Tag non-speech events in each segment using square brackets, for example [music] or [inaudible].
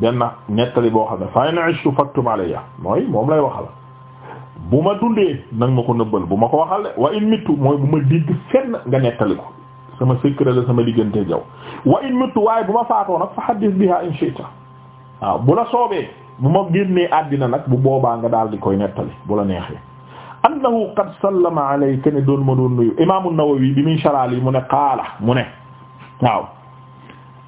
benn nettali boo xam ne fa in ishtu faktum alayya mooy moom lay waxal bu ma dundee nag ma ko nëbbal bu ma ko waxal de wa mooy bu ma digg fenn nga nettali ko sama secret sama diggante jaw wa in waaye bu ma faatoo nag fa haddith biha in shi'ta waaw bu la soobee bu ma génnee àddina nag bu boobaa nga daal di koy nettali bu la neexee annahu qad sallama alayka ne doon ma doon nuyu imaamu Nawawi bi muy saraal yi mu ne qaala mu ne waaw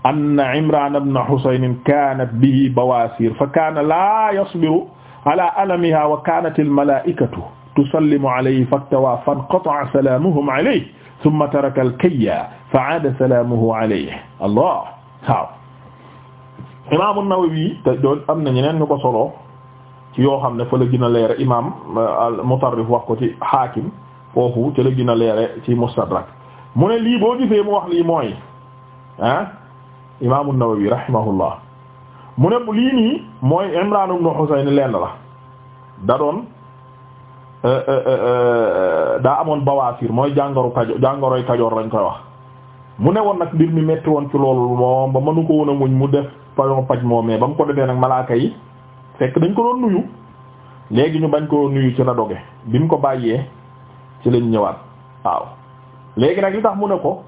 anna Imraan ibn Husayn kaanat bihi bawaasiir fa kaana laa yasbiru ala alamihaa wa kaanat al-malaa'ikatu tusallimu alayhi faktawaa fanqata'a salaamuhum alayhi summa taraka al-kayya fa'aada salaamuhu alayhi allah waaw imaam an-Nawawi te doon am na ñeneen ñu ko solo ci yoo xam ne fa la gën a leere imaam euh, al-Mutarrif wax ko ci Haakim foofu ca la gën a leere ci Mustadrak mu ne lii boo gisee mu wax lii mooy ah imaamu Nawawi rahimahullah mu ne lii nii mooy Imraan ibn Husayn lenn la da doon eh, eh, eh, daa amoon bawaasir mooy jàngoru kajo jàngoroy kajoor lañ koy wax mu ne woon nag mbir mi metti woon ci loolu moom ba mënu ko woon muñ mu def payon paj moom mais ba mu ko defee nag malaaka yi fekk dañ ko doon nuyu léegi ñu bañ ko nuyu ci la doge bi mu ko bàyyee ci lañ ñëwaat waaw léegi nag li tax mu ne ko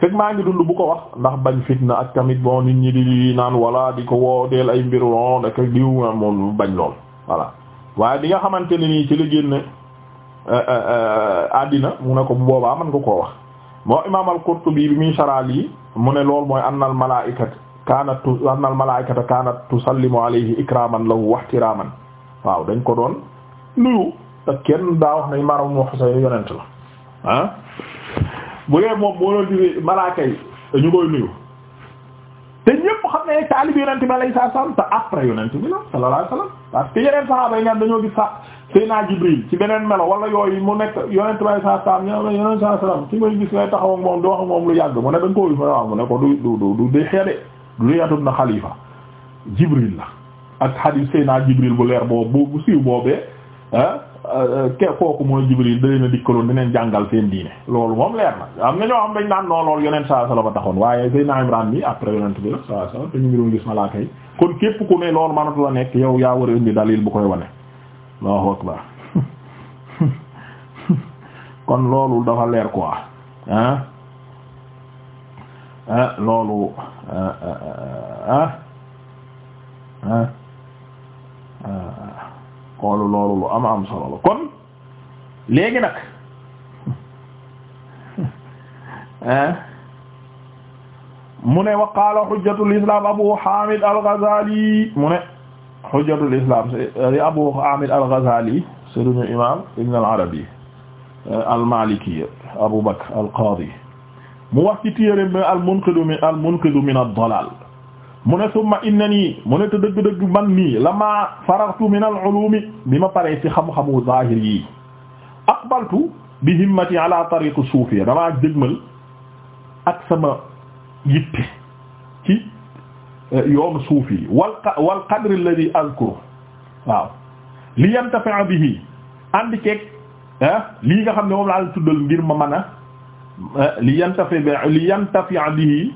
fekk maa ngi dund bu ko wax ndax bañ fitna ak tamit bon nit ñi di naan wala di ko woo deel ay mbir won oh, daka diw ah, moom bañ lool voilà waaye bi nga xamante ne nii ci génne euh, euh, euh, àddina mu ne ko bu boobaa mën nga koo wax moo imaam al-Qurtubi bi muy saraal yi mu ne lool mooy annal malaaikata kaanat tu annal malaaikata kaanat tusallimu alayhi ikraman lahu wa ihtiraman waaw dañ ko doon nuyu te kenn daa wax ne maram wax sa yonent la ah. bu dee moom moo doon jugee malaaka yi ñu koy nuyu te ñëpp xam ne taalib yonent bi alayhi salaam te après yonent bi la sallallahu alayhi wasallam parce yeneen saxaaba nga dañoo gis sax Seydina Jibril ci beneen melo wala yooyu mu nekk yonent bi alayhi salaam ño yonent saa salaam ci may gis ngay taxaw moom di moom lu yàgg mu ne dañ ko gis waaw mu ne ko du du du du xeede du yatum na xalifa Jibril la ak hadith Seydina Jibril bu leer boobu bu siiw ah, Euh, kooku mooy Jibril da leen a dikkaloon dineen jàngal seen diine loolu moom leer na am na ñoo xam dañ naan noo loolu yonent saa sala waaye Seydina Imraan bi après yonent bi la saa sala te ñu ngi doon gis malaaka yi kon képp ku ne loolu mënatu la nekk yow yaa war a indi dalil bu koy wane Allahu [laughs] loolu dafa leer quoi ah ah loolu ah ah xoolu loolu lu am am solo la kon léegi nag mu ne wa qaala hujjatul islam Abu Hamid al-Ghazali mu ne hujjatul islam Abu Hamid al-Ghazali sëriñu imam Ibn al-Arabi euh, al-Maliki Abu Bakr al-Qadi mu wax ci téere bi al-Munqidh min al-Munqidh min ad-Dalal mu ne summa inna nii mu ne te dëgg-dëgg man nii lama faraghtu min al-ulumi bi ma paree ci xam-xamu zahir yi aqbaltu bi himmati ala tariq as-sufiyya damaa jëgmal ak sama yitte ci eh, yoonu suufi yi wal wal qadr alladhi azkuru waaw li yantafi'a bihi ànd ceeg eh, lii nga xam ne moom laa la tuddal ngir ma mën a eh, li yantafi li yantafi'a bihi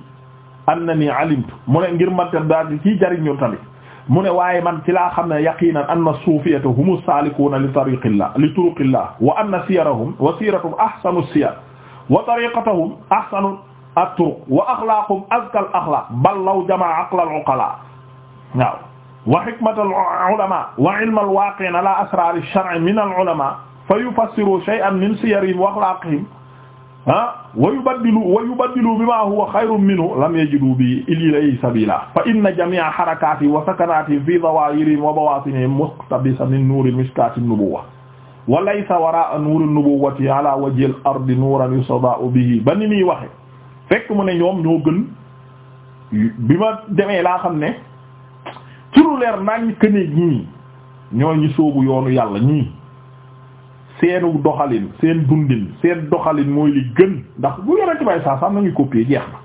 annani alimtu mu ne ngir man tam daal di ciy jariñ ñun tamit mu ne waaye man ci laa xam ne yaqinan anna suufiyata humu saalikuuna li tariqillah li turuqillah wa anna siyarahum wa siratuhum ahsanu siyar wa tariqatahum ahsanu at-turuq wa axlaaquhum azka al-axlaaq bal law jamaa aqla al-uqalaa waaw wa hikmata al-ulamaa wa ilma al-waaqi'iina ala asraari ash-shar'i min al-ulamaa fa yufassiru shay'an min siyarihim wa axlaaqihim ah wa yubaddilu wa yubaddilu bima huwa xayrun minhu lam yajidu bi ilayhi sabila fa inna jami'a harakati wa sakanati fi dawahirihim wa bawatinihim muqtabisa min nuuril miskati nubuwwa wa laysa wara'a nuuril nubuwwati ala wajhil ardi nuuran yustada'u bihi ba ni muy waxe fekk mu ne ñoom ñoo gën bi ma demee laa xam ne ci lu leer nañ këne ñii ñooy ñu sóobu yoonu yàlla ñii seenu doxalin seen dundin seen doxalin mooy li gën ndax bu yorenti bay saa sam nañuy copier jeex na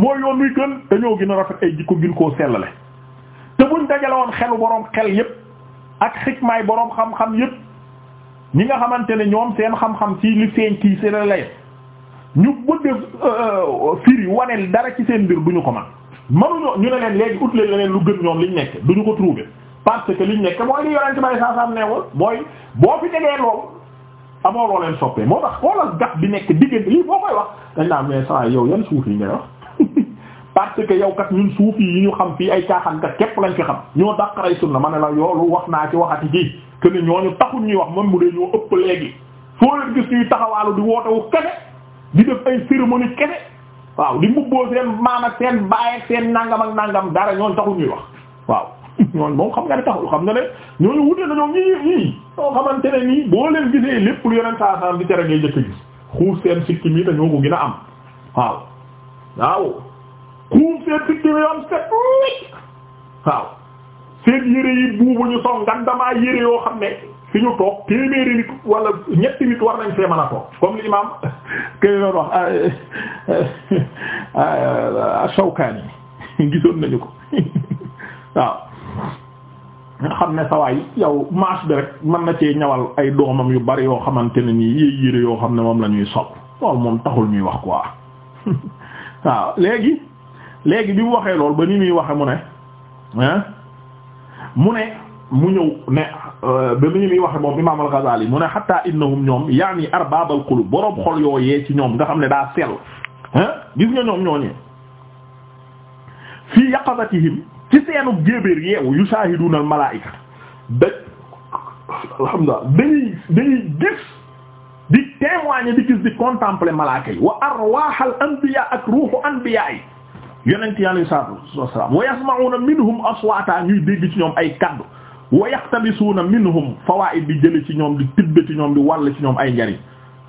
mooy yoon muy gën dañoo gën a rafet ay jikko gin koo sellale te buñ dajale woon xelu boroom xel yépp ak xikmaay boroom xam-xam yépp ñi nga xamante ne ñoom seen xam-xam ci li feeñ kii seen la lay ñu bëgg euh, euh, firi waneel dara ci seen mbir duñu ko man manuñoo ñu ne leen léegi ut leen leneen lu gën ñoom liñ nekk duñu ko trouver parce que liñ nekk mooy li yonent bay saa saa neewal mooy boo fi tegee loolu amoo loo leen soppee moo tax xoolal gàtt bi nekk diggante lii boo koy wax dañ naa mais saa yow yan suuf yi ngay wax [laughs] parce que yow kat ñun suuf yi ñu xam fii ay caaxaan kat képp lañ fi xam ñoo dàqaray sunna ma ne la yoolu wax naa ci waxati ji que ne ñooñu taxul ñuy wax man mu dee ñoo ëpp léegi foo leen gis ñuy taxawaalu di wootewu kese di def ay cérémonie kese waaw di mbubboo seen maam ak seen baay ak seen nangam ak nangam dara ñooñu taxul ñuy waaw ñooñu moom xam nga ne taxul xam nga ne ñooñu wute nañoo ñii ñii ñoo xamante ne nii boo leen gisee lépp lu yeneen saa saa di tere ngay jëkk gis seen sikki te ñoo ko gën a am waaw waaw xuuf seen sikki am set waaw seen yére yi buubu ñu soog ngan damaa yére yoo xam ne fi ñu toog téeméeri nit wala ñetti nit war nañ fee mën a toog comme l'imam [laughs] kay noonu wax [laughs] ah, ah, ah, nañu ko [laughs] waaw nga xam ne sawaay yow marche bi rek mën na cee ñawal ay doomam yu bari yoo xamante ne nii yéey yére yoo xam ne moom lañuy ñuy sol loolu moom taxul ñuy wax quoi [laughs] waaw léegi léegi bi mu waxee lool ba ni muy waxe mu ne ah mu ne mu ñëw ne euh, ba ni muy waxe moom Imaam al-Ghazali mu ne hatta innahum ñoom yaani arbab al-qulub boroom xol yoo ci ñoom nga xam ne daa sell ah gis nga ñoom ñooñee fii yaqabatihim ci seenub jéebéer yeewu yu saahiduunal malaayika da alhamdulilah dañuy dañuy gis di témoigner di gis di contempler malaaka yi wa arwaahal anbiyaa ak ruuxu anbiyaa yi yonent yi alayhi salaatu wassalaam wa yasma'uuna minhum aswaata ñuy dégg ci ñoom ay kaddu wa yaxtabisuuna minhum fawaa'id di jële ci ñoom di tibbe ci ñoom di wàll ci ñoom ay njariñ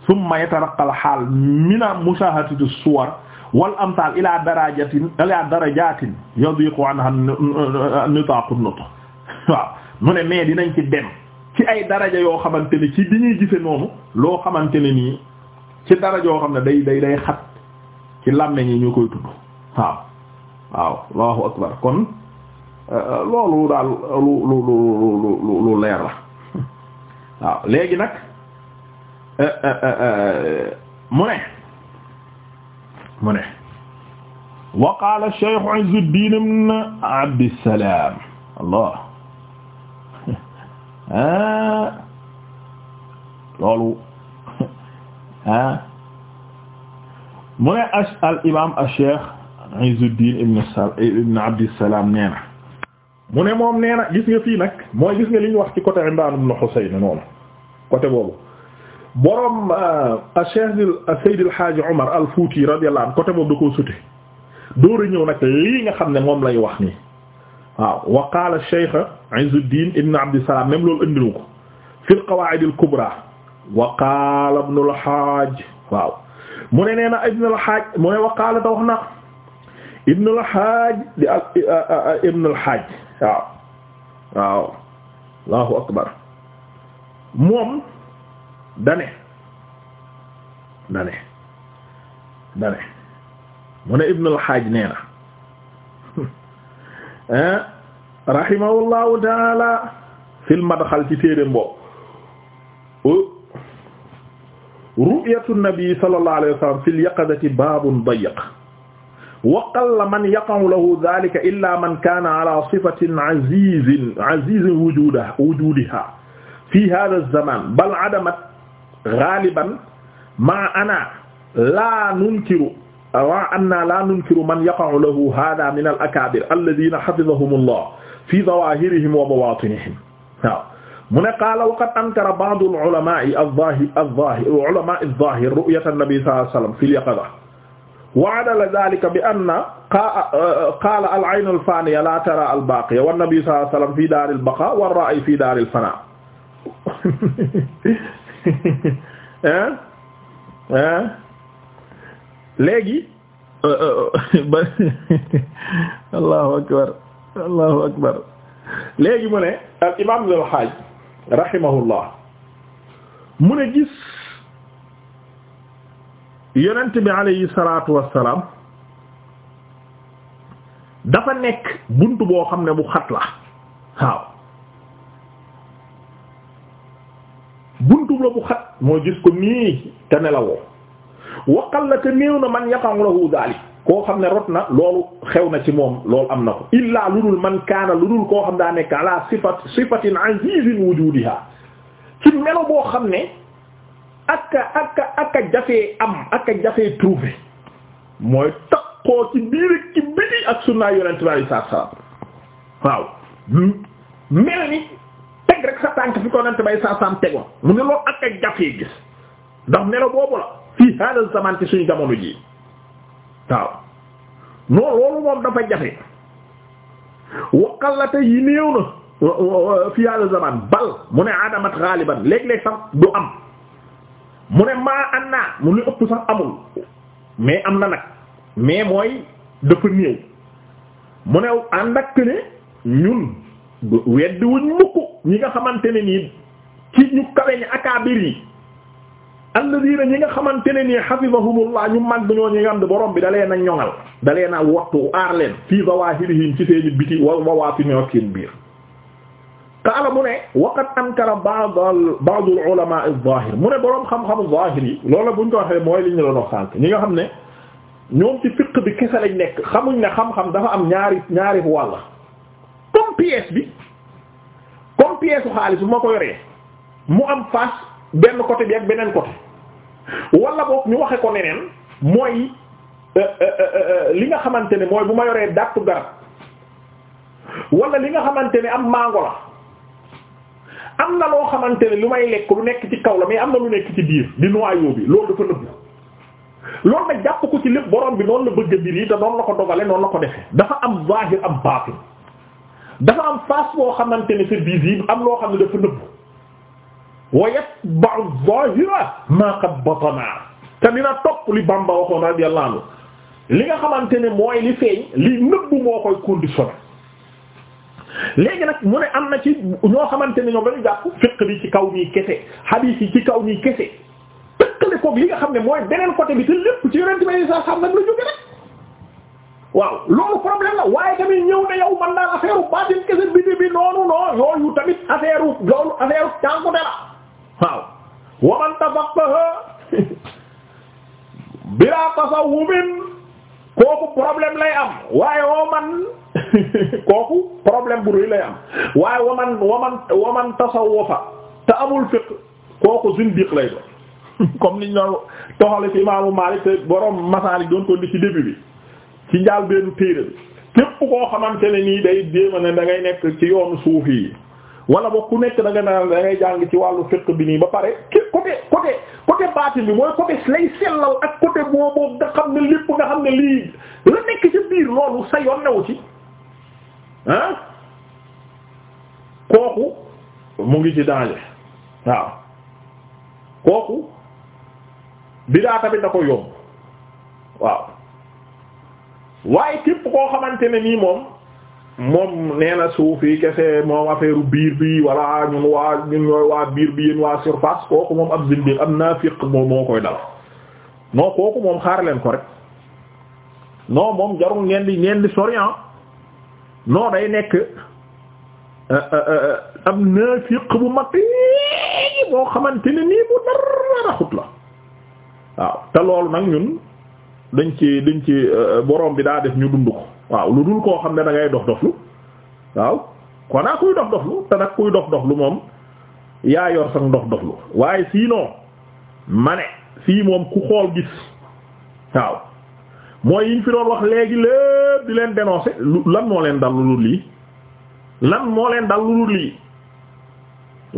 summa yataraqqa al haal mina mushaahadati suwar wal amsal ila darajatin ila darajatin yadiqu anha nitaqu nutq waaw mu ne mais dinañ ci dem ci ay daraja yoo xamante ne ci bi ñuy gise noonu loo xamante ne nii ci daraja yoo xam ne day day day xat ci làmmeñ yi ñu koy tudd waaw waaw allahu akbar kon euh, loolu daal lu lu lu lu leer la waaw léegi nag euh, euh, mu ne mu ne wa qaala Cheikh Izzuddin ibn Abdissalaam allah [laughs] ah loolu [laughs] ah mu ne al imaam al Cheikh Izzuddin ibn ibn Abdissalaam nee na mu ne moom nee na gis nga fii nag mooy gis nga li ñu wax ci côté Imraan ibn Husayn noonu côté boobu borom euh, Cheikh Seydi El Hadji Omar Al Fouti radiyallahu anhu côté boobu da koo ñëw nag lii nga xam ne moom lay wax ni waaw wa qaala Cheikh Izzuddin ne nee na Ibn Al Hadj mu ne wax na Ibn akbar moom. dane dane dane mu ne ibnul xaaj nee na hein [laughs] eh, rahimahullahu taala fil madxal ci téere mbopp ru'yatu nabi sallallahu alayhi wa sallam fil yaqadati baabun dayiq wa qalla man yaqa'u lahu dhaalika illaa man kaana ala sifatin aziizin aziizin wujuudihaa fii haadha az-zamaan bal adamat ghaliban ma ana la nunkiru wa anna la nunkiru man yaqa'u lahu hadha min al akabir alladhina hafidhahum allah fi zawahirihim wa bawatinihim waaw mu ne qaala wa qad ankara ba'd al ulama al-zahir al-zahir ulama al-zahir ru'yat an-nabi sallallahu alayhi wasallam fi al-yaqadha wa 'adala dhalika bi anna qaala al-'ayn al-faniya la tara al-baqiya wan-nabi sallallahu alayhi wasallam fi dar al-baqa war-ra'i fi dar al-fana [laughs] hein hein léegi oh, oh, oh. [laughs] [laughs] allahu akbar allahu akbar léegi mu ne al imam al hajj rahimahullah mu ne gis yonent bi alayhi salaatu wassalaam dafa nekk bunt boo xam ne bu xat la waaw buntu la bu xat mooy gis ko nii te nelawoo waqal la te néew na man yaqa'u lahu daalik koo xam ne rot na loolu xew na ci moom loolu am na ko illaa lu dul man kaana lu dul koo xam daa nekk ala sifat sifatin azizin wujudiha ci melo boo xam ne aka aka aka jafee am aka jafee trouvé mooy takkoo ci biir ak ci biti ak sunna yonent bi sallallahu alayhi wasallam waaw mel ni teg rek sa tànk fi ko nante bay saa saam tegoon mu ne loolu ak ak jafee gis ndax melo boobu la fii hada zaman ci suñu jamono ji waaw non loolu moom dafa jafe waqalata yi néew na fii hada zaman bal mu ne adamat ghaliban léeg-léeg sax du am mu ne maa an naa mu ne ëpp sax amul mais am na nag mais mooy dafa néew mu ne ànd ak ne ñun weddi wuñ mukk ñi nga xamante ne nii ci ñu kawe ñi akaabir yi alladina ñi nga xamante ne nii hafizahumullah ñu mag ñoo ñu yand borom bi dalee na ñoŋal dalee na wattu aar leen fii zawahirihim ci seeni biti wa wawaatinoo ak seen biir qaala mu ne waqad ankara ba'd al ba'd al ulama az-zahir mu ne boroom xam-xamu zahir yi loolu buñ ko waxee mooy li ñu doon wax ñi nga xam ne ñoom ci fiqh bi kese lañ nekk xamuñ ne xam-xam dafa am ñaari ñaari wàll pièce bi comme pièce xaalis bu ma ko yoree mu am face benn côté bi ak beneen côté wala boog ñu waxe ko neneen mooy euh, euh, euh, li nga xamante ne mooy bu ma yoree dàttu garab wala li nga xamante ne am mango la am na loo xamante ne lu may lekk lu nekk ci kaw la mais am na lu nekk ci biir di noyau bi loolu dafa nëbbu loolu nag jàpp ko ci lépp borom bi noonu la bëgg mbir yi te noonu la ko dogale noonu la ko defee dafa am zahir am baatin dafa am face boo xamante ne c'est visible am loo xam ne dafa nëbb wa yatba'u adh-dhahira ma qad batana te dina toq li Bamba waxoon radiyallahu anhu li nga xamante ne mooy li feeñ li nëbb moo koy conditionné léegi nag mu ne am na ci ñoo xamante ne ñoom dañu fiq bi ci kaw nii kese hadith yi ci kaw nii kese tëkkale koog li nga xam ne mooy beneen côté bi te lépp ci yonent bi sallallahu alayhi wasallam la jóge rek waaw loolu problème la waaye tamit ñëw na yow man daal affaire u baatin kese biti bi noonu noonu yooyu tamit affaire loolu affaire u waaw waman tafaqaha [laughs] bila tasawufin kooku problème lay am waaye waman [laughs] kooku problème bu rëy lay am waaye waman waman waman tasawufa te amul fiqh kooku zindiq lay doon [laughs] comme niñ doon toxale ci imaamu Maalik te borom Masaalik doon ko ndi ci début bi ci njaal benn téere bi képp koo xamante ne nii day jéema ne da ngay nekk ci yoonu suufi yi wala ba ku nekk da nga naan da ngay jàng ci wàllu fiqh bi nii ba pare ki côté côté côté baatin bi mooy côté lay sellal ak côté boobu nga xam ne lépp nga xam ne lii la nekk ci biir loolu sa yoon newu ci ah kooku mu ngi ci danger waaw kooku bidaa tamit da ko yomb waaw waaye képp koo xamante ne nii moom moom nee na suuf yi kese moom affaire biir bi walla ñun waa ñun waa biir bi yéen waa surface kooku moom ab zindi am naafiq moom moo koy dal non kooku moom xaar leen ko rek non moom jarul ngeen di ngeen di sorian ah. non day nekk euh, euh, euh, am naafiq bu mag boo xamante ne nii bu dara raxut la waaw te loolu nag ñun dañ ci dañ ci euh, borom bi daa def ñu dund ko waaw lu dul koo xam ne dangay ngay dox doxlu waaw kon naa kuy dox doxlu te nag kuy dox lu moom yaa yor sax dox doxlu waaye sinon ma ne fii moom ku xool gis waaw mooy yiñ fi doon wax léegi lépp di leen dénoncer lu lan moo leen dal lu dul lii lan moo leen dal lu dul lii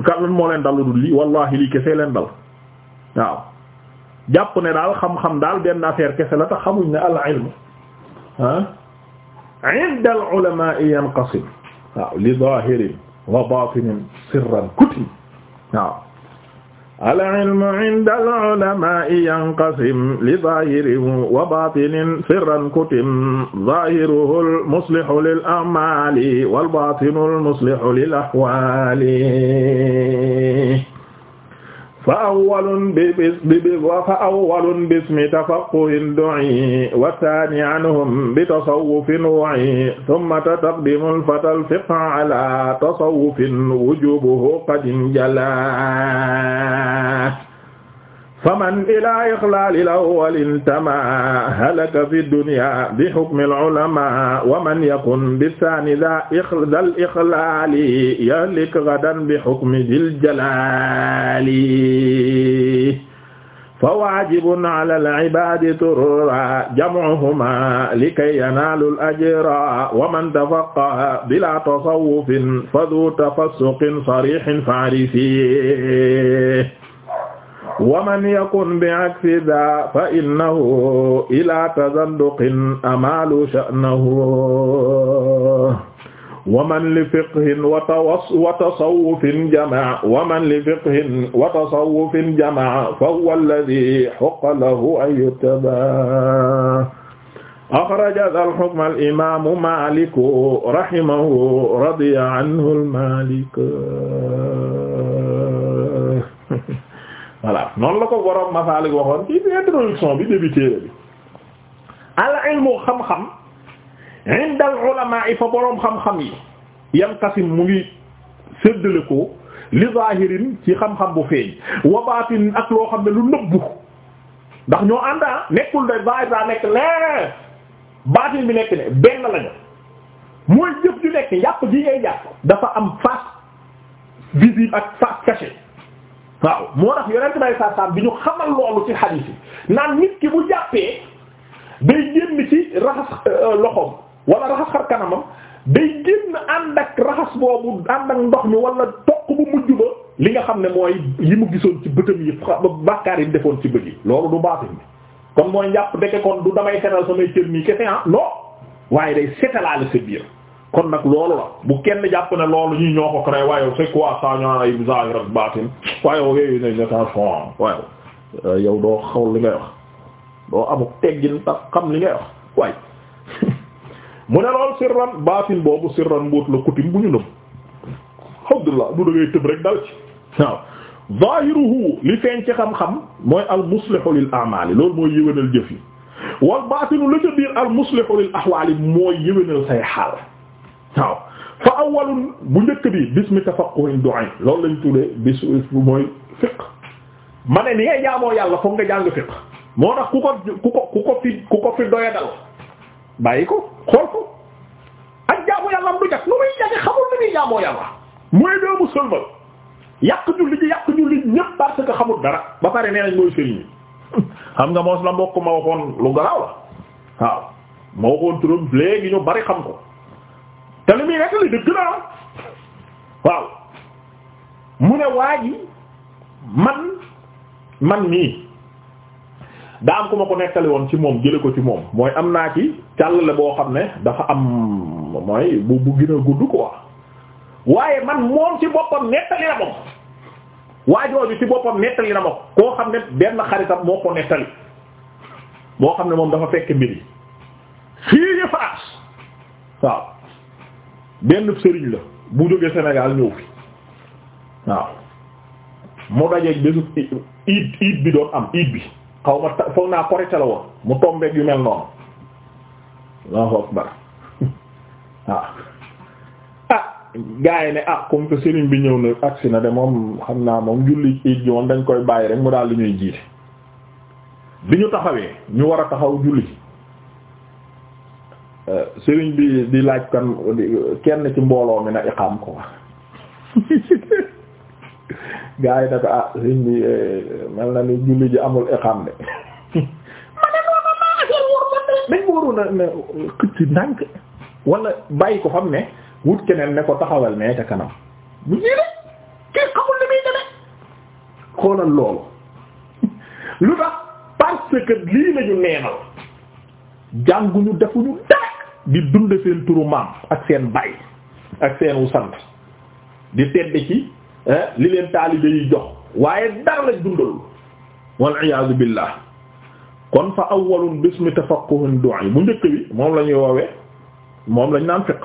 kat lan moo leen dal lu dul lii wallahi lii kese leen dal waaw jàpp ne daal xam-xam daal benn affaire kese la tax xamuñ ne al ilm ah inda al ulama yanqasim waaw li zahirin wa batinin sirran kuti waaw al ilmu inda al ulama yanqasim li zahirin wa batinin sirran kutim zahiruhu al muslihu lil a'mali wal batinu al muslihu lil ahwali fa awwalun bi bi fa awwalun bismi tafaqquhin du'i wa thani anhum bi tasawwufin wa'i thumma taqdimul fatal fiqha ala tasawwufin wujubuhu qad jala faman ila ixlaalil awwalin tama halaka fi dunya bi hukmil ulama wa man yakun bi saani dal ixlaali yahlik gadan bi hukmi dil jalaali fa waajibun ala al ibaadi turra jam'uhuma likay yanaalul ajra wa man tafaqqaha bila tasawwufin fa dhu tafassuqin sarihin fa'rifi wa man yakun bi aksi da fa innahu ila tazanduqin amalu sha'nahu wa man li fiqhin wa tasawwufin jamaa wa man li fiqhin wa tasawwufin jamaa fa huwa alladhi haqqa lahu an yuttaba akhraja dhal hukm al imaamu Maalik rahimahu radiya anhu al Maalik voilà noonu la ko borom Masaalik waxoon ci introduction bi début téere bi al ilmu xam-xam inda al ulama mu ngi séddale ko li zahirin ci xam-xam bu feeñ wa baatin ak loo xam ne lu nëbbu ndax ñoo ànd ah nekkul de zahir daa nekk lee baatin bi nekk ne benn lañu mooy jëf ju nekk yàpp ji ngay jàpp dafa am face visible ak face cachée waaw moo tax yonent bi saa saam bi ñu xamal loolu ci xadiis yi naan nit ki bu jàppee day génn ci raxas euh, loxoom wala raxas xar kanamam day génn ànd ak raxas boobu ànd ak ndox mi wala toq bu mujj ba li nga xam ne mooy yi mu gisoon ci bëtam yi bàkkaar yi defoon ci bët yi loolu du baatin bi kon mooy njàpp deke kon du damay setal samay cër nii kese ah non waaye day setalaale sa biir kon nag loolu la bu kenn jàpp ne loolu ñuy ñoo ko créé waaye c'est quoi ça ñaan ay zahir ak batin waaye yooyu ne attention ah euh, yow doo xaw li ngay wax doo amuk teggin tax xam li ngay wax waaye [laughs] mu ne loolu sirran batin boobu sirran mbuut la coutume bu ñu nëbb Abdullah du da ngay tëb rek dal ci waaw zahiruhu li feeñ ci xam-xam mooy al muslihu lil a'mal loolu mooy yëwénal jëf yi wal batinu la ca biir al muslihu lil ahwal mooy yëwénal say xaal waaw fa awwalun bu njëkk bi bismi tafaqquhin du'a loolu lañ tuddee bis mooy fiqh ma ne ni ngay jaamoo yàlla foog nga jàng fiqh moo tax ku ko ku ko fi ku ko fi doya bàyyi ko xool ko ak jaamu yàlla mu du jag nu muy jage xamul ni muy jaamoo yàlla mooy doomu sëlmal yàq julli ji yàq julli ñépp parce que xamul dara ba pare nee mooy sëriñ bi [laughs] xam nga moos la mbokk ma waxoon lu garaaw waaw ma waxoon turam léegi ñu bari xam ko te li muy nettali dëgg la waaw mu ne waa ji man man nii daa am ku ma ko nettali woon ci moom jële ko ci moom mooy am naa ci càllale boo xam ne dafa am mooy bu bu gën a gudd quoi waaye man moom ci boppam nettali na moom waajooju ci boppam nettali na ma koo xam ne benn xaritam moo ko nettali boo xam ne moom dafa fekk mbir fii ñu faas waaw benn sëriñ la bu jógee Sénégal ñëw fi waaw mu dajeeg bésu iid iid bi doon am iid bi xaw ma foog naa korite la woon mu tombeeg yu mel noonu Allahu akbar waaw [laughs] ah. ah gars yi ne ah comme que sëriñ bi ñëw na agsi na de moom xam naa moom julli iid ji moom dañ koy bàyyi rek mu daal li ñuy jiite bi ñu taxawee ñu war a taxaw julli sëriñ bi di laaj kan kenn ci mbooloo mi na iqaam ko [laughs] gaa yi na ko ah sëriñ bi eh, mel na ni julli ji amul iqaam de [laughs] dañ ko waroon a ne xëcc ndànk wala bàyyi ko xam ne wut keneen ne ko taxawal ne ca kanam bu jiile kenn xamul li muy demee xoolal loolu [laughs] lu tax parce que lii lañu neenal jànguñu defuñu dara di dund seen turu maam ak seen bay ak seenu sant di tedd ci eh, li leen taalibe yi jox waaye dara lañ dundal wal iyaazu billah kon fa awwalun bismi tafaqquhun du'a bu njëkk bi moom lañuy ñuy woowee moom lañ naan fiq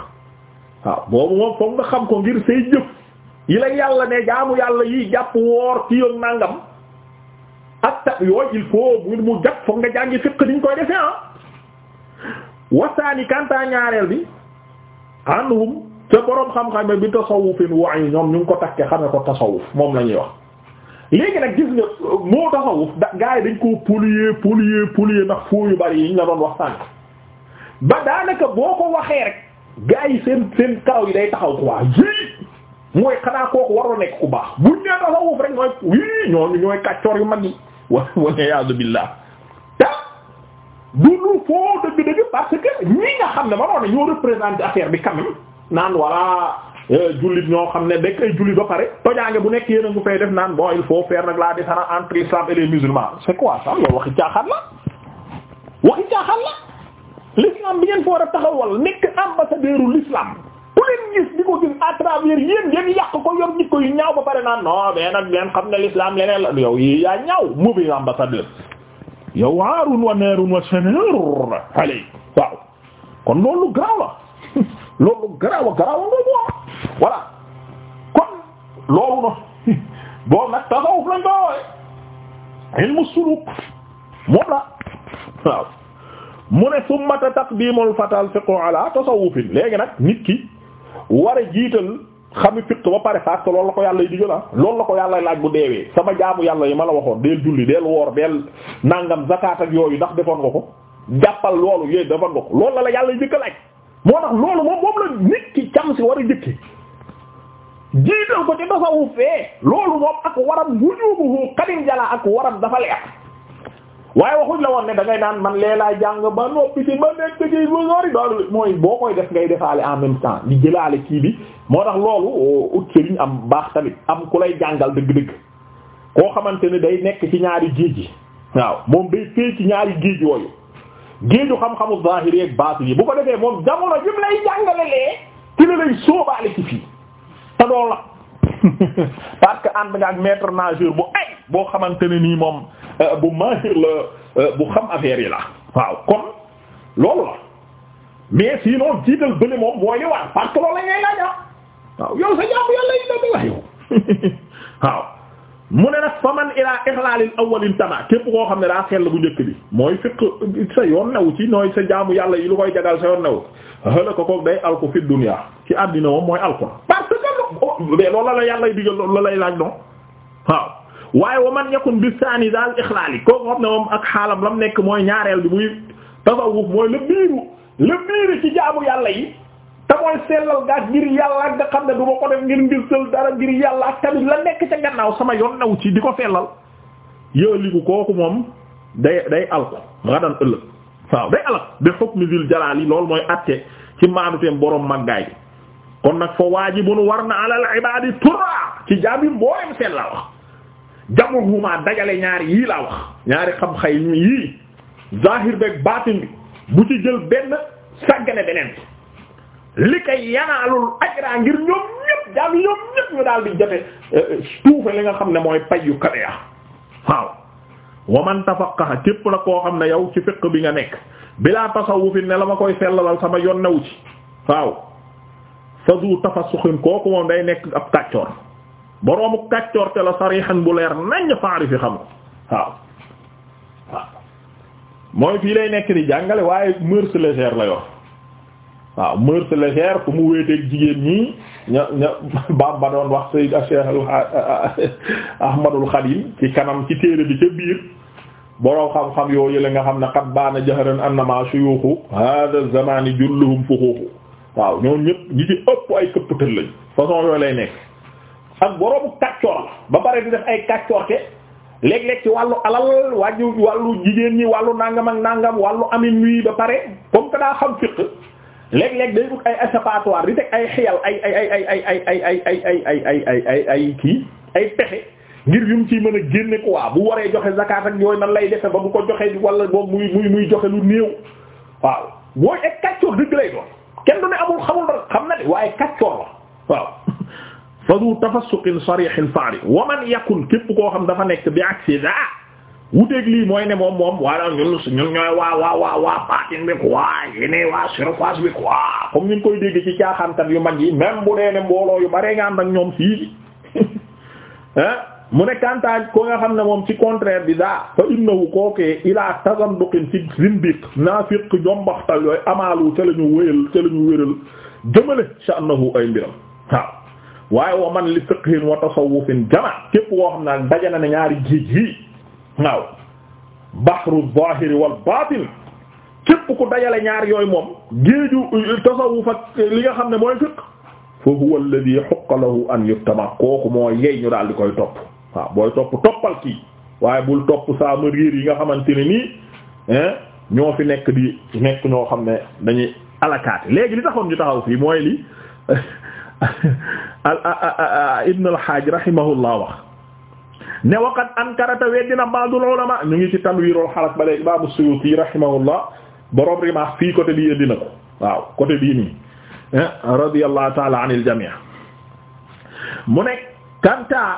waaw boobu moom foog nga xam ko ngir say jëf yi la yàlla ne jaamu yàlla yi jàpp woor ci yoon nàngam ak ta yooyu il faut nga jàngi fiq niñ koy defee ah wasaani kanta ñaareel bi anhum ca boroom xam-xam bi tasawufin waa yi ñoom ñu ngi ko takkee xamee ko tasawuf moom la ñuy wax léegi nag gis nga moo tasawuf da yi dañ koo polier polier polier ndax foo yu bari yi ñu la doon wax sànk ba daanaka boo ko waxee rek gars yi seen seen karaw yi day taxaw waa yii mooy xanaa kooku waroo nekk ku baax buñ nee tasawuf rek ñooy yii ñooñu ñooy kàccoor yu mag yi wa wala yaazu billah du lu foo dëgg-dëgg parce que ñi nga xam ne ma noonu ñoo représenté affaire bi quand naan walla euh, jullit ñoo xam ne nekk ay jullit ba pare tojaange bu nekk yéen a ngi def naan bon il faut faire nag laa différence entre l'islam et les musulmans c'est quoi ça loolu waxi caaxaan la waxi caaxaan la bi ngeen fa war a taxawal nekk ambassadeuru l'islam ku leen gis di ko gis à travers yéen ngeen ko yor jikko yu ñaaw ba pare naan non mais nag ngeen xam ne l'islam leneen la yi yaa ñaaw mauvais yow aarun wa neerun wa shanir alay waaw kon loolu garaaw la [laughs] loolu garaaw a garaaw a ngoo boo ah. voilà kon loolu no [laughs] boo nag tasawuf lañ koy woowe ilmu suluk moom la waaw mu ne summa taqdimul fatal fiqhu ala tasawufin léegi nag nit ki war a jiital xami fiq ba pare parce que loolu la ko yàlla yi digal ah loolu la ko yàlla laaj bu deewee sama jaamu yàlla yi ma la waxoon deel julli deel woor deel nangam zakat ak yooyu ndax defoon nga ko jàppal loolu yooyu defoon nga ko loolu la la yàlla yi jëkka laaj moo tax loolu moom moom la nit ki cam si war a jëkke jiital ko ci dasawu fee loolu moom ak waram wujubuhu xadim jala ak waram dafa leer waaye waxuñ la woon ne dangay ngay naan man lee laa jàng ba noppi ci ba nekk ci bu sori loolu mooy boo koy def ngay defaale en même temps di jëlaale kii bi moo tax loolu euh, ut sëriñ am baax tamit am ku lay jàngal dëgg-dëgg koo xamante ne day nekk ci ñaari géej yi waaw moom day téye ci ñaari géej yooyu géeju xam-xamu zahiri ak baati yi bu ko defee moom jamono jim lay jàngale lee la lay sóobaale ci fii te doo la [laughs] parce que ànd nga ak metre nageur bu ay boo xamante ne nii moom euh, bu mahir la euh, bu xam affaire yi la waaw kon loolu la mais sinon jiital bële moom mooy li war parce loolu la ngay laaj ah. waaw yow sa jàmm yàlla yi da wax yow [laughs] waaw mu ne nag fa man ilaa ixlaalil awwalil tama képp koo xam ne daa xel bu njëkk bi mooy fekk sa yoon new ci nooy sa jaamu yàlla yi lu koy jagal sa yoon new xëla ko koog day alku fi dunya ci àddina moom mooy alku parce que mais loolu la yàlla digal loolu lay laaj non waaw waaye wa man yakun bi saani daal ixlaali kooku ne moom ak xaalam lam nekk mooy ñaareel bi muy tasawuf mooy la biiru ci jaamu yàlla yi te mooy sellal gaa ngir yàlla ak xam ne du ko def ngir dara ngir yàlla ak tamit la nekk ca gannaaw sama yoon naw ci di ko sellal yëliku kooku moom day day alko nga daan ëllëg waaw day alak bi hukmi zil jalaal yi loolu mooy atte ci maanuteem boroom màggaay bi kon nag fa waajibun war na alal ibaadi tura ci jaabi mbooyam seen laa wax jamuhuma dajale ñaari yii wax ñaari xam-xay yii zahir beeg baatin bu ci jël benn sàggane beneen li kay yanaalul ajra ngir ñoom ñëpp daal di jote tuufe li nga xam ne mooy pay yu kawe ya waaw wa man tafaqaha képp la koo xam ne yow ci fiq bi nga nekk bilaa tasawufin ne la ma koy sellalal sama yoon new ci waaw fazu tafasuxin kooku moom day nekk ab kàccoor boroomu kàccoor te la sarixan bu leer nañ faari fi xam ko waaw waaw mooy fii lay nekk di jàngale waaye mœurs légères la yor waaw mœurs légères ku mu wéeteeg jigéen ñi ña ña [laughs] baam ba doon wax Sayyid Cheikh Ahmadul yi ci kanam ci téere bi ca biir boroom xam-xam yooyu la nga xam ne qad baana jahran annama shuyukhu hadha zamani julluhum fuxuuxu waaw ñoom ñëpp ñi ci ëpp ay këpptël lañ façon yooyu lay nekk ak boroomu kàccoor ba pare di def ay kàccoor te léeg-léeg ci wàllu alal wàju wàllu jigéen ñi wàllu nangam ak nangam wàllu amin wi ba pare comme que daa xam fiqh léeg-léeg day ut ay échappatoire di teg ay xiyal ay ay ay ay ay ay ay ay ay ay ay ay ay ay kii ay pexe ngir yum ci mën a génne quoi bu waree joxe zakat ak yooyu nan lay defe ba bu ko joxe wala boobu muy muy muy joxe lu néew waaw booy ak kàccoor dëgg lay doon kenn du ne amul xamul dara xam na de waaye kàccoor la waaw fa du tafassuqin sarih al fa'ri wa man yakun képp koo xam dafa nekk bi aksi daa wuteeg lii mooy ne moom moom waa ñun ñun ñooy waa waa waa baatin bi quoi yéene waa surface bi quoi comme ñu koy dégg ci caaxaankat yu mag yi même bu dee ne mbooloo yu baree nga ànd ak ñoom fii ah [laughs] mu ne kantaaj ko nga xam ne moom ci contraire bi daa fa innahu kookee ilaa tasanduqin ci zindiq naafiq jombaxtal yooyu amaalu ca la ñu wéyal ca la ñu wéral jëmale sha'nahu ay mbiram waaye wa man li fiqhin wa tasawufin jama képp woo xam ne dajana ne ñaari jiij yi waaw baxru zahiri wal batin képp ku dajale ñaar yooyu moom géeju euh, tasawuf ak li nga xam ne mooy fiqh fa huwa alladhi haqqa lahu an yuttama kooku moo yey ñu daal di koy topp waaw booy topp toppal kii waaye bul topp saa ma yi nga xamante ne nii ñoo fi nekk di nekk ñoo xam ne dañuy alakaate léegi li taxoon ñu taxaw fii mooy li [laughs] al ibn al hajj rahimahullah wax ne waqad ankarata weddina ba'dul ulama ñu ngi ci tanwirul halaq ba léegi imam Suyuti rahimahullah borom rimaax fii côté bi yeddina ko waaw côté bii nii radiyallahu ta'ala anil jami' mu ne kanta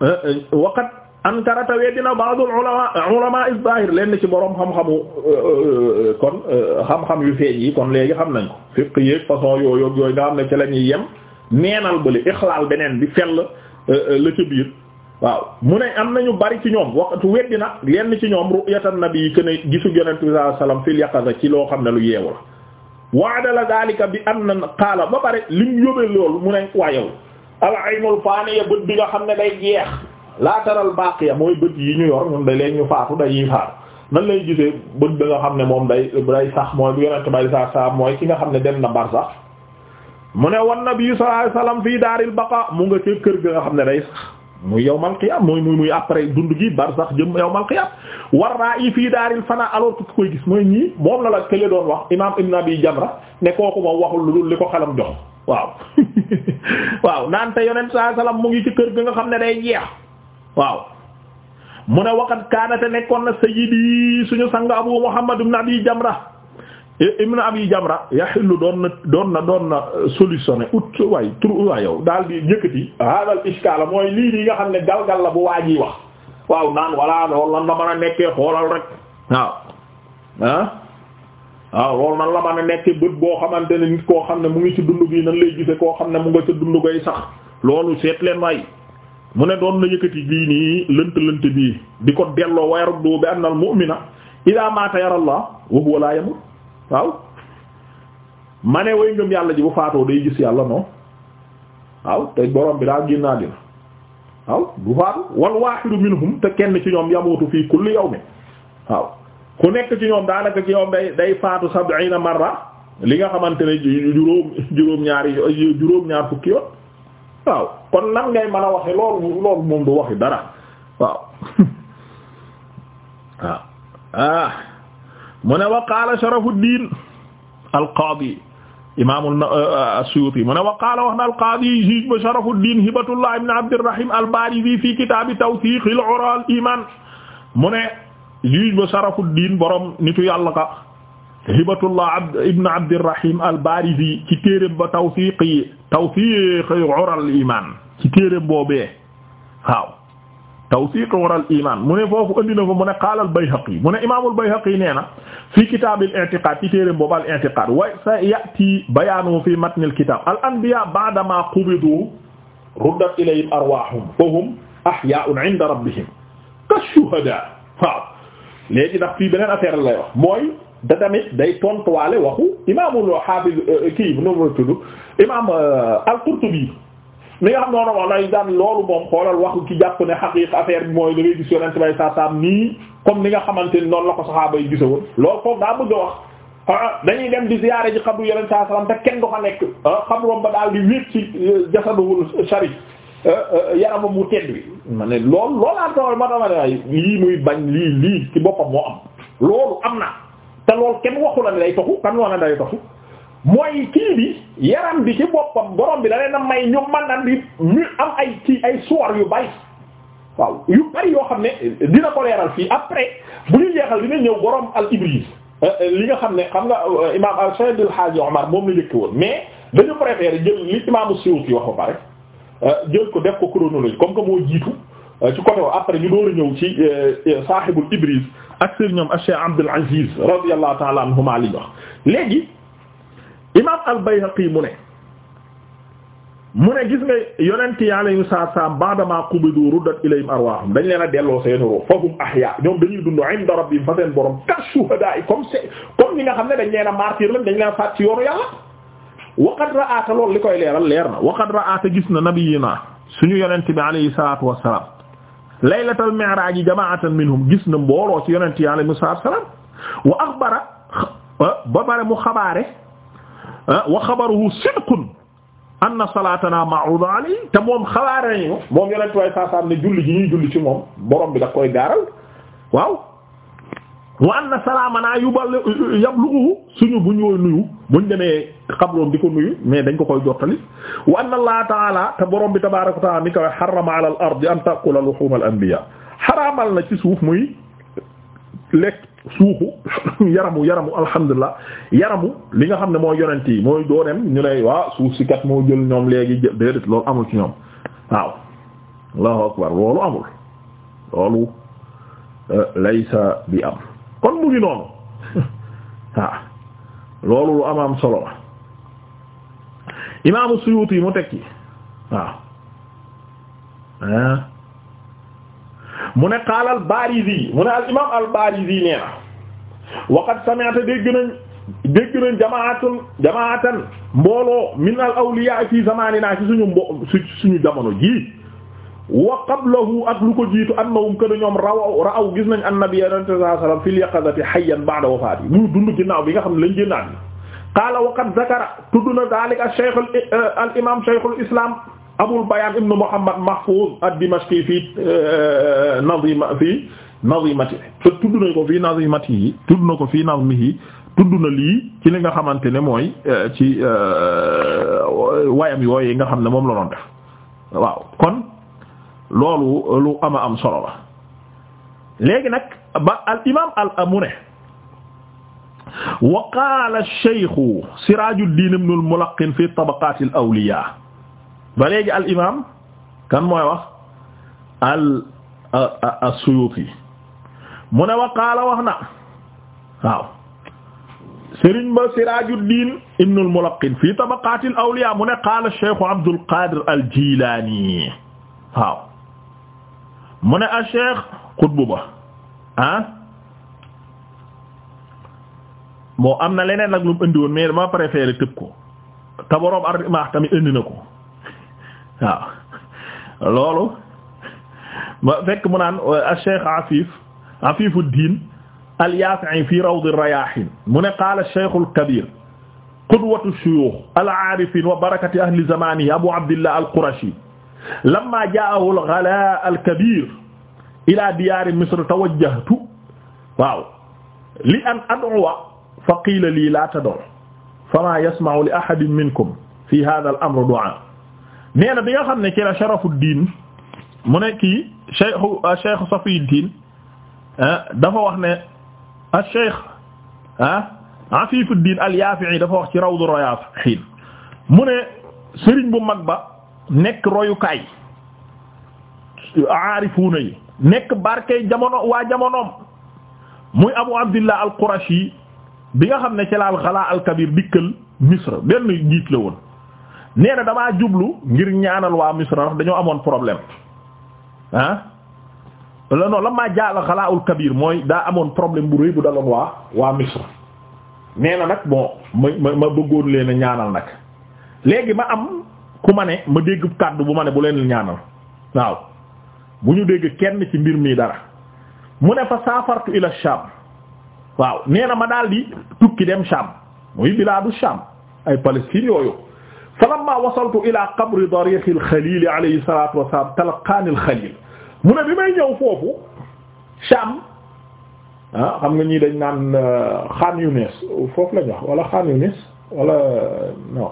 eh, waqad ankarata weddina ba'dul ulama ulama az-zahir leen ci borom xam-xamu eh, kon eh, xam-xam yu feeñ yi kon léegi xam nañ ko fiqh yéeg façon yooyu yooyu nga xam ne ci la ñuy yem neenal bële ixlaal beneen bi fell la ca biir waaw mu ne am na ñu bari ci ñoom waxtu weddi na yenn ci ñoom ru'yatan nabi que ne gisu yonent bi sallallahu alayhi wasallam fil yaqaza ci loo xam ne lu yeewu la waadala dalika bi am na xaala ba pare lim yóbee loolu mu ne waa yow al aynul faaniya bët bi nga xam ne day jeex laa taral baaqiya mooy bët yi ñu yor ñun da leen ñu faatu dañuy faatu nan lay gisee bët bi nga xam ne moom day day sax mooy bu yonent bay sax sax mooy ki nga xam ne dem na bar sax mu ne wan nabi sallallahu alayhi wasallam fii mu nga ca kër ga nga xam ne day muy yawmal qiyaam muy muy muy après dund gi barsax jëm yawmal qiyaam war naa yi fii daaril fana alors que ku koy gis mooy ñii moom la la kële doon wax imaam ibn abi jamra ne kooku moom waxul lu dul li ko xelam jox waaw [laughs] waaw naan te yonent saa salaam mu ngi ci kër gi nga xam ne day jeex waaw mu ne kaana kaanate nekkoon na sayyidi suñu sang abu muhammad ibn abi jamra ibn abi jamra yaxillu doon na doon na doon na solutionné ut waay trou waay yow daal di yëkkati hadal iskala mooy lii nii nga xam ne galgal la bu waaji wax waaw naan walla loolu nan la mën a nekkee xoolal rek waaw ah waaw loolu nan la mën a nekkee bët boo xamante ne nit koo xam ne mu ngi ci dund gi nan lay gise koo xam ne mu nga ci dundu gay sax loolu seet leen waay mu ne doon na yëkkati bii nii lënt lënt bii di ko delloo wayaruddu bi anna al mu'mina waaw ma ne way ngëm yàlla ji bu faatoo day gis yàlla non waaw te borom bi daa génn àddina waaw du faatu wal waahidu minhum te kenn ci ñoom yamutu fii kulli yawmin waaw ku nekk ci ñoom daanaka ci ñoom day day faatu sab'ina marra li nga xamante ne juróom juróom-ñaar juróom-ñaar fukki yoon waaw kon nan ngay mën a waxe loolu loolu moom du waxi dara waaw [laughs] waaw ah. mu ne wa qaala Sharafuddin al-Qaadi imaam euh, euh, as-Suyuuti mu ne wa qaala wax na al-Qaadi juge ba Sharafuddin Hibatullah ibn Abdirrahim al-Baarizi fi kitaabi tawsiiq al-uraa al-iimaan mu ne juge ba Sharafuddin borom nitu yàlla ka Hibatullah ibn Abdirrahim al-Baarizi ci téereem ba tawsiiq tawsiiq al-uraa al-iimaan ci téereem boobee waaw tawsiq waral iman mu ne foofu andi na ko mu ne qaala al Bayhaqi mu ne imaamul Bayhaqi nee na fii kitaabil i'tiqaad ci téere boobu al i'tiqaad wa sa ya'ti bayaanuhu fii matnil kitaab al anbiyaa ba'damaa qubidu ruddat ilayhim arwaahuhum fa hum ahyaa'un 'inda rabbihim kashuhadaa waaw léegi ndax fii beneen affaire lay wax mooy da tamit day tontuwaale waxu imaamul Haafiz kii nu mu tudd imaam euh, al-Qurtubi li nga xam noonu wax lay daan loolu moom xoolal waxu ci jàpp ne xaqiiq affaire bi mooy da ngay gis yonent bay saa saam nii comme ni nga xamante ni noonu la ko saxaaba yi gisawoon loolu foofu daa bëgg a wax ah, ah dañuy dem di ziyaare ji xabru yonent saa salaam te kenn du ko nekk ah xabroom ba daal di wéet ci euh, jasaduhul sharif euh, euh, yaramam mu tedd bi ma ne loolu loolaa dool ma dama ne waay lii muy bañ lii lii ci boppam moo am loolu am na te loolu kenn waxu la ne day toxu kan moo ne day mooy kii bi yaram bi ci boppam borom bi da leen may ñu man di ñu am ay ci ay suwar yu bari waaw yu bari yoo xam ne dina ko leeral fii après bu ñu jeexal dina ñëw borom al ibris euh, euh, li nga xam ne xam nga euh, imaam al Sayyid al Haaji Omar moom la njëkk woon mais dañu préféré jël li imaamu Suyuuti wax ba pare jël ko def ko chronologie comme que moo jiitu ci côté après ñu door a ñëw ci saaxibul ibris ak seen ñoom Cheikh Abdul Aziz radiyallahu ta'ala anhuma li wax léegi. imaam al-Bayhaqi mu ne mu ne gis nga yonent yi alayhimu salaam ba'damaa qubidu ruddat ilayhim arwaahum dañ leen a delloo seen ruux fahum ahyaa ñoom dañuy dund inda rabbihim fa seen borom ka shuhadaa comme c'est comme ñi nga xam ne dañ leen a martyr lañ dañ leen a faat ci yoonu yàlla waqad ra'aata loolu li koy leeral leer na waqad ra'aata gis na nabiyyinaa suñu yonent bi alayhi salaatu wassalaam laylatal mi'raaj jamaa'atan minhum gis na mbooloo ci yonent yi alayhimu salaam wa axbara ba bare mu xabaare Ah, wa xabaruhu sidqun anna salaatana ma'ruda alayhi te moom xabaar nañu moom yonent way saasaam ne julli ji ñuy julli ci moom borom bi da koy gaaral waaw wa anna salaamana yubal yablughu suñu bu ñooy nuyu buñ demee xabroom di ko nuyu mais dañ ko koy jottali wa anna allah taala te borom bi tabaaraka wa taala ni ko harrama ala al ardi an ta'kula luhum al anbiya xaraamal na ci suuf muy lekk suuxu [laughs] yaramu yaramu alhamdulilah yaramu li nga xam ne mooy yonent yi mooy doo dem ñu lay waa suuf kat moo jël ñoom léegi jël déedéet loolu amul ci ñoom waaw allahu akbar loolu amul loolu euh, laysa bi am kon mu ngi noonu [laughs] waaw loolu lu am am solo la imaamu Suyuti mu tekki waaw mu ne qaala al-Baarizi mu ne al imaam al-Baarizi nee na waqad sami'ta dégg nañ dégg nañ jamaatun jamaatan mbooloo min al-awliyaa fi zamaninaa ci suñu mbo suñu jamono ji wa qablahu ak lu ko jiitu annahum que ñoom raw raaw gis nañ annabi sallallahu alayhi wasallam fil yaqazati hayyan ba'da wafaati muy dund ginnaaw bi nga xam ne lañ génnaat bi qaala waqad zakara tudd na daalika Cheikh al imaam Cheikhul Islam. Abul Bayaan ibn Muhammad Mahfuz ad-Dimashqi fii euh, nazima fii nazimati te tudd na ko fii nazimati yi tudd na ko fii nazmihi tudd na lii ci li nga xamante ne mooy euh, ci euh, wayam yooyu nga xam ne moom la doon def waaw kon loolu lu ama am solo la léegi nag ba al imaam al amune wa qaala ash-shaykh Sirajuddin ibn al-Mulaqqin fi tabaqaat al-awliyaa ba léegi al imaam kan mooy wax al as-Suyuti mu ne wa qaala wax na waaw Serigne ba Sirajuddin ibn al-Mulaqqin mu ne qaala Cheikh Abdul Qadir al-Jilani waaw mu ne a Cheikh xutbu ah. am na leneen nag lu mu indi woon mais dama préféré tëb ko te boroom ar-Rimah tamit indi na ko waaw loolu ba fekk mu naan euh, Cheikh Afif Afifu Diin al-Yaafi'i fi rawd ar-rayaahiin mu ne qaala Cheikh al-Kabiir qudwatu shuyuux al-aarifiin wa barakati ahli zamaanihi Abu Abdillah al-Qurashi lammaa jaa'ahu al-ghalaa al-kabiir ilaa diyaari Misr tawajjahtu waaw li an ad'uwa fa qiila lii laa tad'u famaa yasma'u li ahadin minkum fii haadha al-amri du'aa nee na bi nga xam ne ci la Sharafuddin mu ne kii Cheikhu Cheikh euh, Safiyuddin euh, dafa wax ne ah Cheikh ah Afifuddin al-Yafi'i dafa wax ci Rawdu Rayahin mu ne sëriñ bu mag ba nekk royukaay aarifuuna yi nekk barkey jamono waa jamonoom muy Abu Abdillah al-Qurashi bi nga xam ne ci la al-Ghala al-Kabir dikkal Misr benn njiit la woon. nee damaa jublu ngir ñaanal waa misra dañoo amoon problème ah la noonu la maa jaala xalaaul kabir mooy daa amoon problème bu rëy bu daloon waa waa misra nee na nag bon ma ma bëggoon leen ñaanal nag léegi ma am ku ma ne ma dégg kàddu bu ma ne bu leen ñaanal waaw bu ñu dégg kenn ci mbir mii dara mu ne fa saafartu ila Sham waaw nee na ma daal di tukki dem Sham muy bilaadu Sham ay Palestine yooyu falamma wasaltu ila qabri dariix al-Xaliil alayhi salaatu wa salaam talaqaani al-Xaliil mu ne bi may ñëw foofu Sham ah xam nga ñii dañ naan euh, Khan Younis foofu lañ wax wala Khan Younis wala non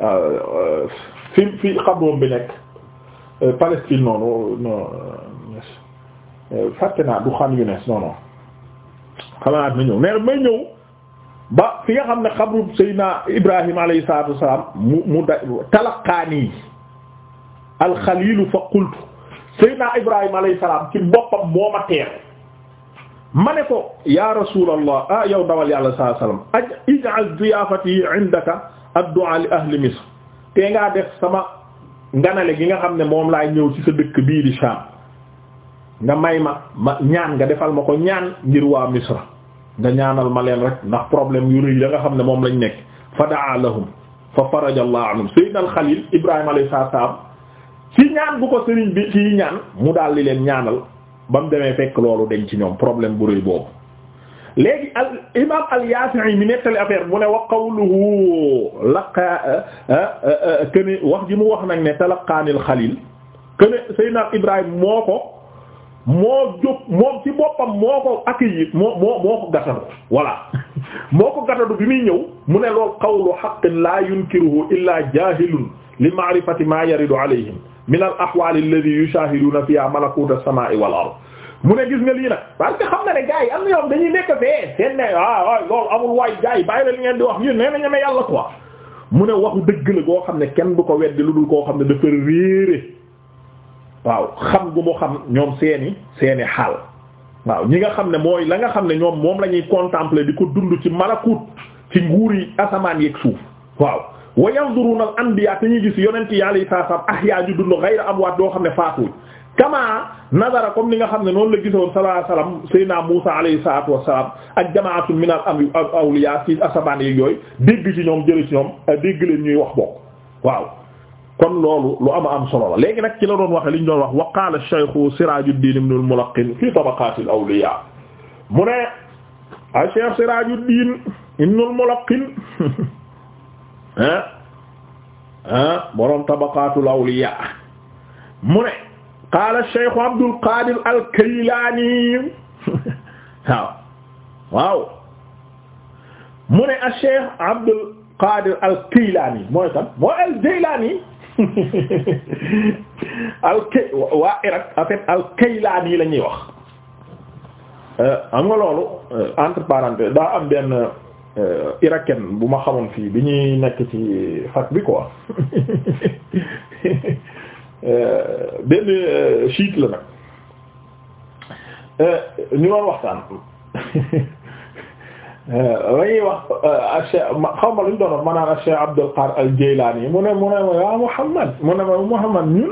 euh, fi fi xabroom bi nekk euh, Palestine noonu non fàtte naa du Khan Younis non non xamaa at na ñëw mais may ñëw. ba fi nga xam ne xabru Seydina Ibrahim alayhi salaatu wa salaam mu mu da talaqaani alxaliilu fa qultu Seydina Ibrahim alayhi salaam ci boppam moo ma teer ma ne ko yaa rasuulallah ah yow dawal yàlla salaatu salaam aj ij'al diyaafati indaka addu'a li ahli Misr te ngaa def sama nganale gi nga xam ne moom laay ñëw ci sa dëkk bii di Sham nga may ma ma ñaan nga defal ma ko ñaan ngir waa Misra nga ñaanal ma leen rek ndax problème yu rëy la nga xam ne moom lañ nekk fa daa lahum fa faraja allah anhum sayyidna al xalil ibrahima alayhi salaam ci ñaan bu ko sëriñ bi ci ñaan mu daal di leen ñaanal ba mu demee fekk loolu deñ ci ñoom problème bu rëy boobu léegi al imam al mi nettali affaire mu ne wa qawluhu laqa eh, eh, eh, kene wax ji mu wax nag ne talaqaanil xalil kene sayyidna ibrahim moo ko moo jóg moom ci boppam moo ko accueillir moo moo moo ko gatanu voilà [laughs] moo ko gatanu bi muy ñëw mu ne lool qawlu haqqin la yunkiruhu illa jahilun li ma'rifati ma yaridu alayhim min al ahwal alladhi yushahiduna fiha malakut as-sama'i wal ard mu ne gis nga lii nag parce que xam na ne gars yi am na yoon dañuy nekk fee seen ne ah waay ah loolu amul waay gars yi bàyyi la li ngeen di wax mi nee na ñeme yàlla quoi mu ne waxu dëgg la koo xam ne kenn du ko weddi lu dul koo xam ne dafa réere waaw xam gu mu xam ñoom seeni seeni xaal waaw ñi nga xam ne mooy la nga xam ne ñoom moom la ñuy contempler di ko dund ci malakut ci yi asamaan yeeg suuf waaw wa yanzuruna al anbiya te ñuy gis yonent yàlla yi saa saa ahyaa ju dund am amwaat doo xam ne faatuñ kama nazara comme ni nga xam ne noonu la gisoon sallallahu alayhi wasallam sayna Musa alayhi salatu wassalam ak jamaatu min al am awliya ci asamaan yeeg yooyu dégg ci ñoom jële ci ñoom dégg leen ñuy wax bokk kon loolu lu ama am solo la léegi nag ci la doon waxe li ñu doon wax wa qaala shaykhu Sirajuddin ibn al-Mulaqqin fi tabaqat al-awliya mu ne a shaykh Sirajuddin ibn al-Mulaqqin ah [laughs] ah boroom tabaqat al-awliya mu ne qaala shaykhu Abdul Qadir al-Kaylani [laughs] waaw waaw mu ne a shaykh Abdul Qadir al-Kaylani mooy tam mooy al-Jaylani [laughs] alkay waa Irak en fait alkaylaani yi la ñuy wax euh, am nga loolu euh, entre daa am benn euh, iraken bu ma xamoon fii bi ñuy nekk ci fac bi quoi [laughs] benn chiite la nag ñu doon waxtaan [laughs] dañuy eh, wax eh, xaw ma lu ñu doon wax maanaam Cheikh Abdul Qadir al-Jilani mu ne mu ne ma Muhammad mu ne ma Muhammad ñun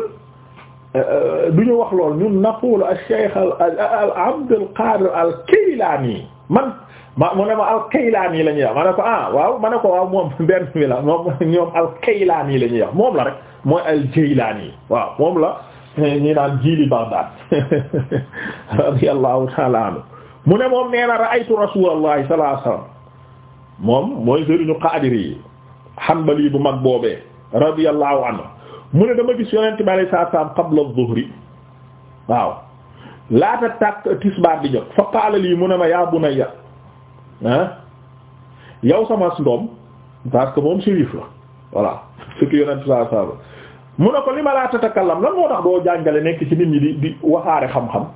eh, du ñu wax lool ñun naqulu Cheikh al Abdul Qadir al-Kaylani man ma mu ne ma al-Kaylani la ñuy wax ma ne ko ah waaw ma ne ko waaw moom [laughs] benn bi la moom [laughs] ñoom al-Kaylani la ñuy wax moom la rek mooy al-Jilani waaw moom la ñi naan Jili Baghdad [laughs] radiyallahu ta'ala anhu mu ne moom nee na ra'aytu rasulallahi sallallahu alayhi wasallam moom mooy sëriñu qaadiri yi hanbali bu mag boobee radiyallahu anhu mu ne dama gis yonent bi alayhi salaam qabla dhuhri mu ne ma yaa bunayya ah yow sama ndoom parce moom shérif la voilà ce yonent bi sallallahu mu ne ko li ma laata takallam lan moo tax doo jàngale nekk ci nit ñi di di waxaare xam-xam.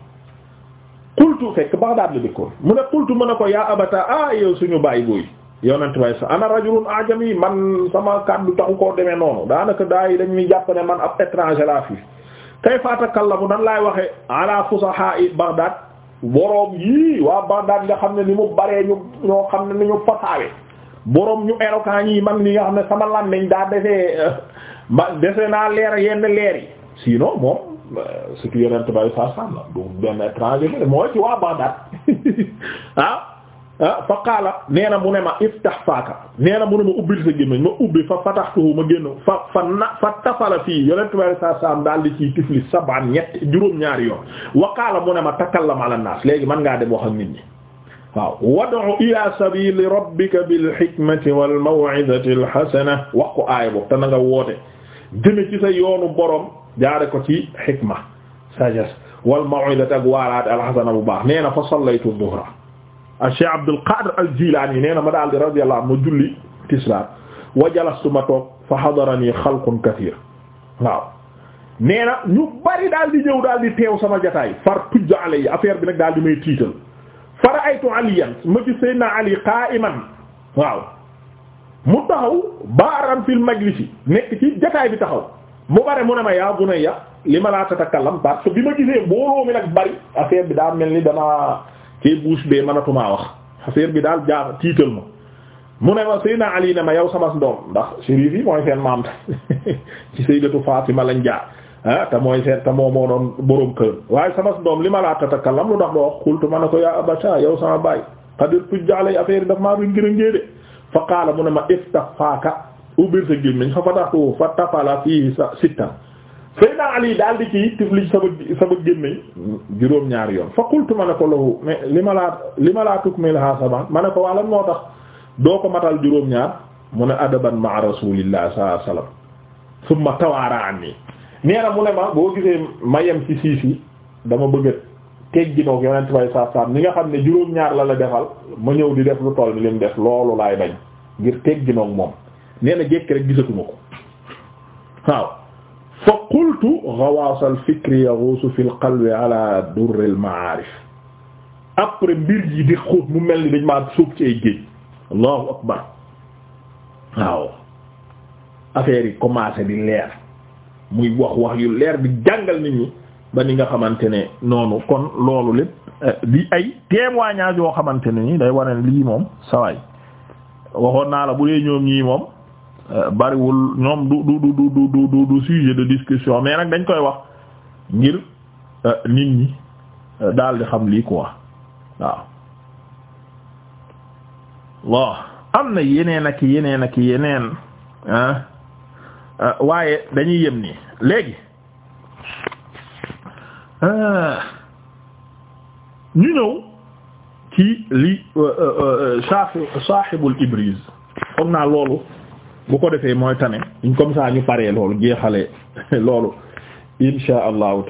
qultu fekk Baghdad la dëkkoon mu ne qultu mën a ko yaa abata ah yow suñu bàyyi booy yonent bay sa ana rajulun ajami man sama kàddu taxu koo demee noonu daanaka daa yi dañuy jàpp man ab étranger laa fi kayfa takallamu nan laay waxe ala fusaha'i Baghdad boroom yii waa Baghdad nga xam ne ni mu baree ñu ñoo xam ne ni ñu fasaawe boroom ñu éloquent yi man li nga xam ne sama làmmiñ daa defee [laughs] ma dese naa leer yenn leer yi sinon moom surtout yonent bay saa saam du benn étranger mooy ci waa Bagdad [laughs] ah ah fa qaala nee na mu ne ma iftah faaka nee na mu ne ma ubbil sa gémmiñ ma ubbi fa fataxtuhu ma génn fa fa na fa fii yonent bay saa saam daal di ciy tifli sabaan ñett juróom-ñaari yoon wa qaala mu ne ma takallam ala naas léegi man gaa dem wax ak nit waaw wad'u ila sabili rabbika bil hikmati wal maw'izati al hasana wax nga woote jëme ci sa yoonu borom jaare ko ci xikma sagesse wal maw'idati ak waaraate alxasana bu baax nee na fa sallaytu duhra a Cheikh Abdul Qadir al-Jilani nee na ma daal di radiyallahu anhu ma julli tisbaar wa jalastu ma toog fa hadarani xalqun kathir waaw nee na ñu bari daal di ñëw daal di teew sama jataay far tujj alay affaire bi nag daal di may tiital fa ra'aytu aliyan ma ci sayyidina ali qa'iman waaw mu taxaw baaran fil majlisi nekk ci jataay bi taxaw mu bare mu ne ma yaa bunayya li ma laa tatakallam parce que bi ma gisee mbooloo mi nag bari affaire bi daa mel ni damaa kii bouche bee mënatumaa wax affaire bi daal jaar tiital ma mu ne ma Seydina Ali ne ma yow sama doom ndax shérif yi mooy seen maam [laughs] ci Sayyidatu Fatima lañ jaar ah te mooy seen te moo moo doon borom kër waaye sama doom li ma laa tatakallam lu ndax doo wax xultu ma ne ko yaa abata yow sama baay xadir tujjaalay affaire yi daf maa ringi ringee de fa qaala mu ne ma iftah ubbil sa gémmiñ fa fataxtu fa tapala fii sa sittan Seydina Ali daal di ci tifli sa sama gémmiñ juróom ñaari yoon fa qultu ma ne ko lahu mais li ma laa li ma laa tukmilaha saban ma ne ko waalan moo tax doo ko matal juróom ñaar mu ne adaban ma rasulillah sallallahu alayhi wasallam summa tawaara anni nee na mu ne ma boo gisee ma yem ci siis dama bëgga tegginoog yonent bay saab saab ni nga xam ne juróom ñaar la la defal ma ñëw di def lu toll ni lim def laay bañ ngir tegginoog moom nee na jekk rek gisatuma ko waaw fa qultu ghawas al fikri fi al qalbi ala durr après mbir yi di xóot mu mel ni dañ maa suub ci ay géej allahu akbar waaw affaire yi commencé leer muy wax wax yu leer di jàngal nit ñi ba ni nga xamante ne noonu kon loolu lépp eh, di ay témoignage yoo xamante ne ni day waral lii moom sawaay waxoon naa la bu dee ñoom ñii moom Euh, bariwul ñoom du du du du du du sujet de discussion mais nag dañ koy wax ngir euh, nit ñi euh, daal di xam lii quoi waaw waaw am na yeneen ak yeneen ak yeneen waaye dañuy yem nii léegi ñu ñëw lii li saaxibul ibriz foog naa loolu bu ko defee mooy tane comme ça ñu paree loolu jeexale [laughs] loolu insha allahu